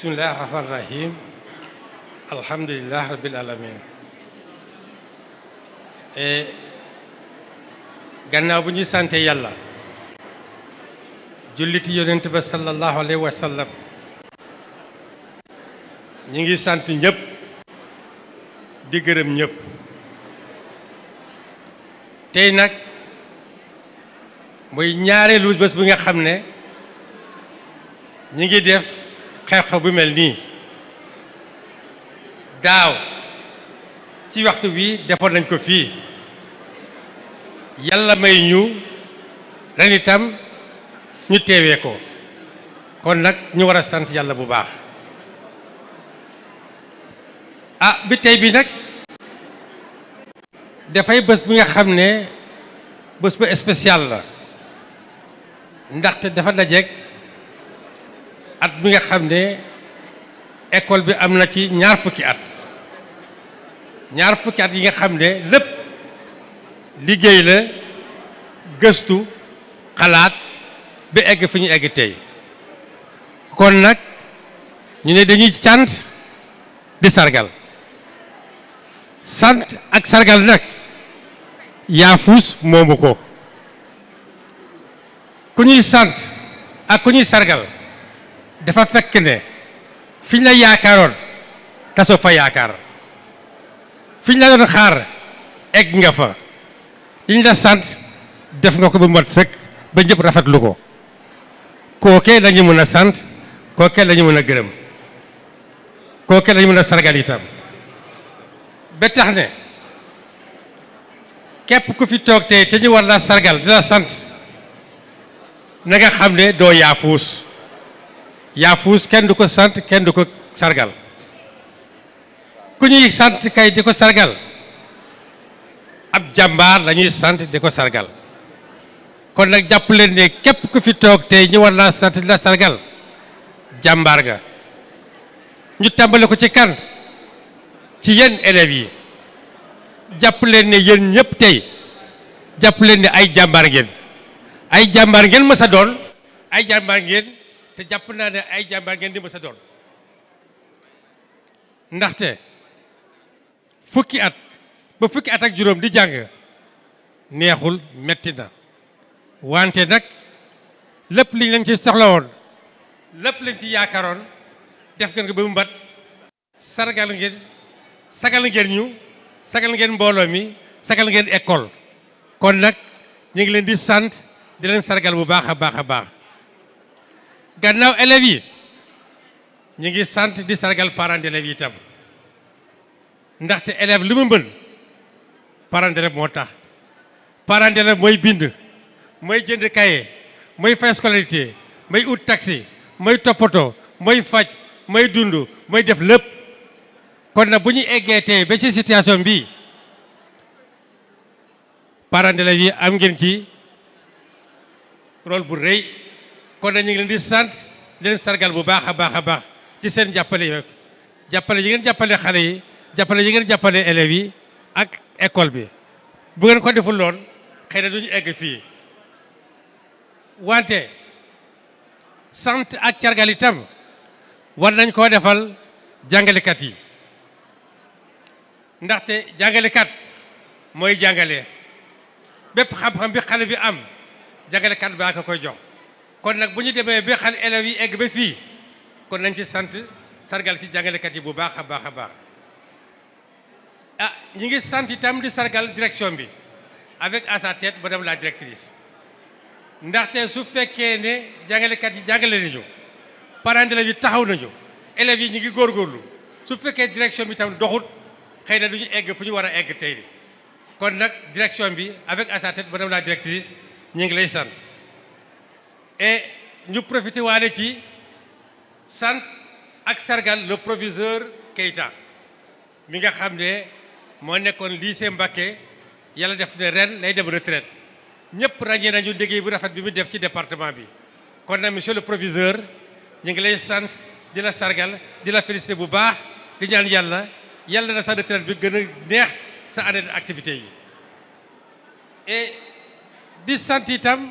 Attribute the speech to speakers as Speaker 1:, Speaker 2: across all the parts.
Speaker 1: بسم الله الرحمن الرحيم الحمد لله رب العالمين غنا بو ني سانتي يالا جوليتي يونت با صلى الله عليه وسلم نيغي سانتي نيب دي گرم نيب تي نك موي نياري لوس بس بيغا خامني نيغي ديف xew-xew bu mel nii daaw ci waxtu wi defoon nañ ko fii yàlla may ñu ren itam ñu teewee ko kon nag ñu war a sant yàlla bu baax ah bi tey bi nag dafay bés bi nga xam ne bés bu spécial la ndaxte dafa dajeek at bi nga xam ne école bi am na ci ñaar fukki at ñaar fukki at yi nga xam ne lépp liggéey la gëstu xalaat ba egg fi ñu egg tey kon nag ñu ne dañuy sant di sargal sant ak sargal nag yaafuus moomu ko ku ñuy sant ak ku ñuy sargal dafa fekk ne fiñ la yaakaaroon tasoo fa yaakaar fiñ la doon xaar egg nga fa liñ la sant def nga ko ba mat sëkk ba ñëpp rafetlu ko kookee lañu mën a sant kooke lañu mën a gërëm kookee lañu mën a sargal itam ba tax ne képp ku fi toog tey te ñu war la sargal di sant na nga xam ne doo yaafuus yaafuus kenn du ko sant kenn du ko sargal ku ñuy sant kay di ko sargal ab jàmbaar lañuy sant di ko sargal kon nag jàpp leen ne képp ku fi toog tey ñu war laa sant di la sargal jàmbaar ga ñu tàmbale ko ci kan ci yenn élèves yi jàpp leen ne yéen ñëpp tey jàpp leen ne ay jàmbaar ngeen ay jàmbaar ngeen ma a doon ay jàmbaar ngeen te jàpp naa ne ay jàmbaar ngeen di ma sa doon ndaxte fukki at ba fukki at ak juróom di jàng neexul metti na wante nag lépp liñ leen ci soxla lépp lañ ci yaakaaroon def ngeen ko ba mu mbat sargal ngeen sagal ngeen ñu sagal ngeen mbooloo mi sagal ngeen école kon nag ñu ngi leen di sant di leen sargal bu baax a baax a baax gannaaw élèves yi ñi ngi sant di sargal parent d'élève yi tam ndaxte élève lu mu mën parent d'élève moo tax parent d'élève mooy bind mooy jënd kaye mooy fay scolarité mooy ut taxi mooy toppatoo mooy faj mooy dund mooy def lépp kon nag bu ñu eggee tey ba ci situation bii parent d'élève yi am ngeen ci rôle bu rëy kon nag ñu ngi leen di sant di leen sargal bu baax a baax a baax ci seen jàppale yooyu jàppale yi ngeen jàppale xale yi jàppale yi ngeen jàppale élèves yi ak école bi bu ko deful loon xëy na duñu egg fii wante sant ak cargal itam war nañ koo defal jàngalekat yi ndaxte jàngalekat mooy jàngale bépp xam-xam bi xale bi am jàngalekat baa ko koy jox kon nag bu ñu demee bi xale élèves yi egg ba fii kon nañ ci sant sargal ci jàngalekat yi bu baax a baax a baax ah ñi ngi sant itam di sargal direction bi avec à sa tête madame la directrice ndaxte su fekkee ne jàngalekat yi jàngale nañu parents d'élèves yi taxaw nañu élèves yi ñu ngi góor góorgóorlu su fekkee direction bi itam doxut xëy na du ñu egg fu ñu war a egg tey kon nag direction bi avec à sa tête madame la directrice ñu ngi lay sant et nous profiter de sant ak sargal le proviseur Keita mi nga xamné mo nekkon lycée Mbacké yalla def né ren lay dem retraite ñepp rañé nañu déggé bu rafet bi mu def ci département bi kon na monsieur le proviseur ñi ngi lay sant di la sargal di la féliciter bu baax di ñaan yalla yalla na sa retraite bi gëna neex sa année d'activité yi et di sant itam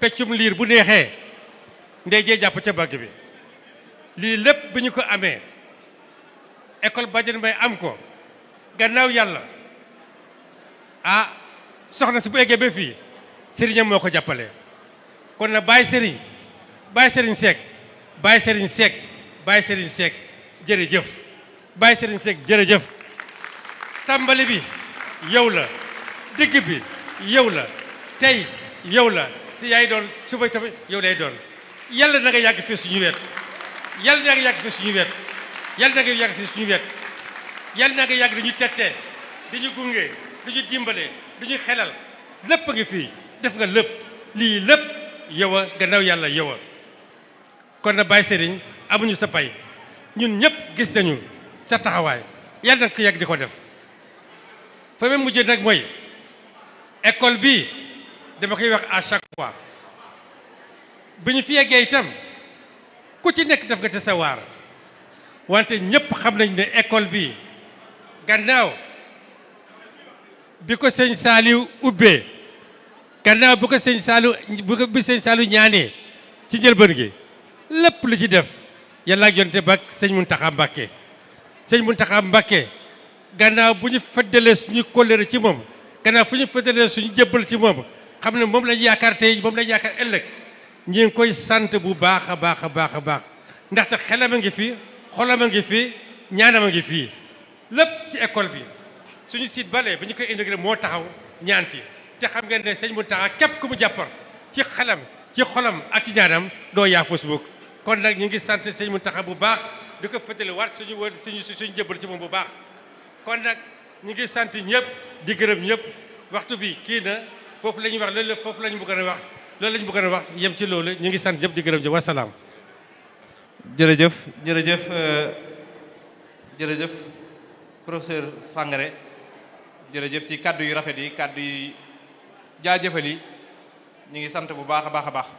Speaker 1: peccum liir bu neexee ndey jee jàpp ca bàgg bi lii lépp bi ñu ko amee école Badiane Mbaye am ko gannaaw yàlla ah soxna si bu eggee ba fii sëriñam moo ko jàppale kon na bàyyi sëriñ bàyyi sëriñ seek bàyyi sëriñ seek bàyyi sëriñ Seck jërëjëf bàyyi sëriñ Seck jërëjëf tàmbali bi yow la digg bi yow la tey yow la te yaay doon suba tamit yow day doon yàlla na nga yàgg fii suñu wet yàlla na nga yàgg fii suñu wet yàlla na nga yàgg fii suñu wet yàlla na nga yàgg dañu tettee dañu gunge dañu dimbale dañu xelal lépp a ngi fii def nga lëpp lii lépp yow a gannaaw yàlla yow kon na bàyyi sëriñ amuñu sa bay ñun ñëpp gis nañu sa taxawaay yàlla na ko yàgg di ko def fa mu mujjee nag mooy école bi dama koy wax à waar bi ñu fi yeggee itam ku ci nekk def nga ci sa wante ñëpp xam nañ ne école bi gannaaw bi ko sëñ Saliou ubbee gannaaw bu ko sëñ Saliou ko bi sëñ Saliou ñaanee ci njëlbën gi lépp lu ci def yàlla ak yonte ba sëñ Mountakha Mbacké sëñ Mountakha Mbacké gannaaw bu ñu fëddalee suñu kóllëre ci moom gannaaw fu ñu fëddalee suñu jébbal ci moom xam ne moom lañ yaakaar tey moom lañ yaakaar ëllëg ñi ngi koy sant bu baax a baax a baax a baax ndaxte xelam a ngi fi xolam a ngi fi ñaanam a ngi fii lépp ci école bi suñu site bale bi ñu koy intégré moo taxaw ñaan ci te xam ngeen ne sëñ mu taxaw képp ku mu jàppar ci xelam ci xolam ak ci ñaanam doo yaa Facebook kon nag ñu ngi sant sëñ mu ak bu baax di ko fëtali war suñu wër suñu si suñu jëbbal ci moom bu baax kon nag ñu ngi sant ñëpp di gërëm ñëpp waxtu bi kii na foofu la ñuy wax loolu foofu la ñu bëggoon a wax loolu la ñu bëggoon a wax yem ci loolu ñu ngi sant ñëpp di gërëm jëm wasalaam. jërëjëf jërëjëf euh, jërëjëf professeur Sangaré jërëjëf ci kàddu yu rafet yi kàddu yi jaajëfal yi ñu ngi sant bu baax a baax a baax.